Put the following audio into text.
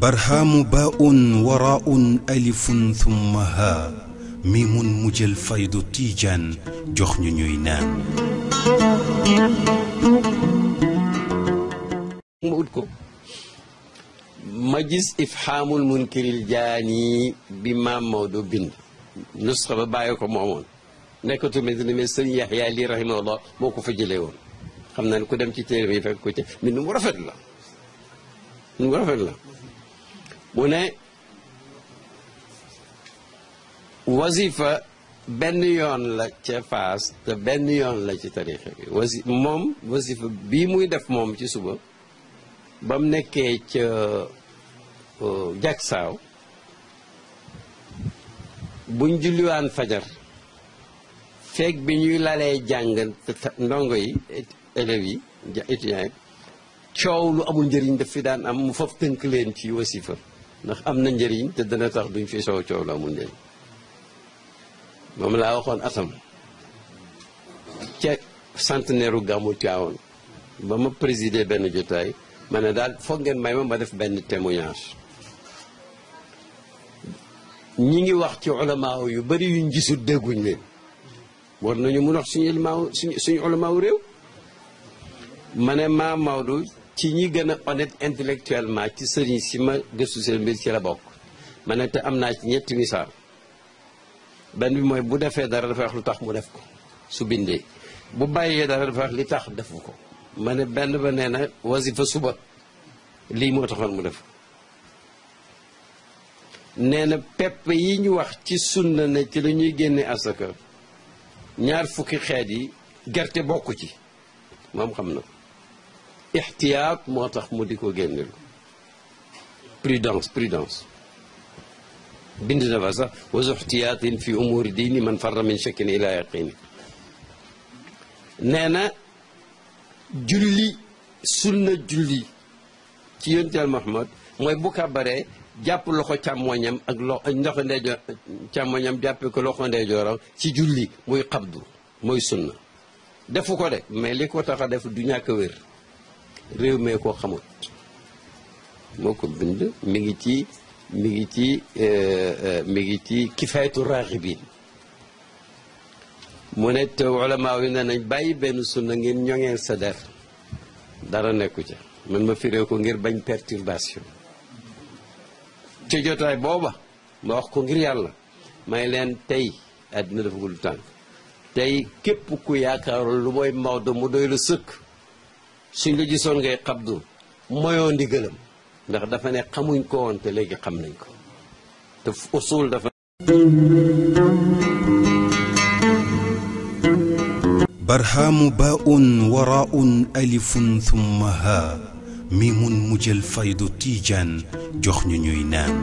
برهام باء وراء ألف ثم ها ميم مجل فيض تيجان جخن نينان مجلس إفحام المنكر الجاني بما مودو بن نسخة بايكم عمون نكتو مثل من سن يحيى لي رحمه الله موقف جليون xam naa ne ku dem ci téere bi fekk ko ci mbind mu rafet la mbind mu rafet la mu ne wasifa benn yoon la ca faas te benn yoon la ci tarixa bi wasi moom wasifa bii muy def moom ci suba ba nekkee ca uh, jagsaaw buñ julliwaan fajar feeg bi ñuy lalee jàng ndongo yi élèves yi étudiants yi coow lu amul njëriñ daf fi daan am mu faf tënk leen ci wasifa ndax am na njëriñ te dana tax duñ fi soow coow lu amul njëriñ moom laa waxoon atam ca centenaire u gàmmu Tiwaawan ba ma présider benn jotaay ma ne daal foog ngeen may ma ma def benn témoignage ñi ngi wax ci ulamaaw yu bari yuñ gisul dégguñ leen war nañu mun wax suñu ilmaaw suñu ulamaaw réew ma ne maa Maodo ci ñi gën a honnête intellectuellement ci sëriñ si ma gëstu seen mbir ci la bokk ma ne te am naa ci ñetti misaal benn bi mooy bu defee dara dafa wax lu tax mu def ko su bindee bu bàyyee dara dafa wax li tax defu ko ma benn ba nee na wasifa suba lii moo taxoon mu def nee na pepp yi ñu wax ci sunna ne ci la ñuy génne asaka ñaar fukki xeet yi gerte bokk ci moom xam na ixtiyaat moo tax mu di ko génneel prudence prudence bind na fa sax wasu ixtiyaatin fi umuri diini man farra min shakkin ila yaqini nee na julli sunna julli ci yontel Muhammad mooy bu kabaree jàpp loxo càmmoñam ak loxo eh, ndoxo ndeyjoor càmmoñam jàppe ko loxo ndeyjooram ci julli muy xabdu mooy sunna defu ko de mais li ko tax a du ñàkk wér réew mee koo xamul moo ko bind mi ngi ci mi ngi ci euh, euh, mi ngi ci kifayatu raaxibin mu ne te ulamaa yi ne nañ bàyyi benn sunna ngeen ñoŋeel sa der dara nekku ca man ma firee ko ngir bañ perturbation ci jotaay booba ma wax ko ngir yàlla may leen tey àddina dafa du tànk tey képp ku yaakaarul lu mooy Maodo mu doy lu sëkk suñ la gisoon ngay xabdu moyoon di gëlëm ndax dafa ne xamuñ ko te léegi xam nañ ko te usul dafa barhaamu baaun waraaun alifun thumma haa miimun mujjal faydu tiijaan jox ñu ñuy naan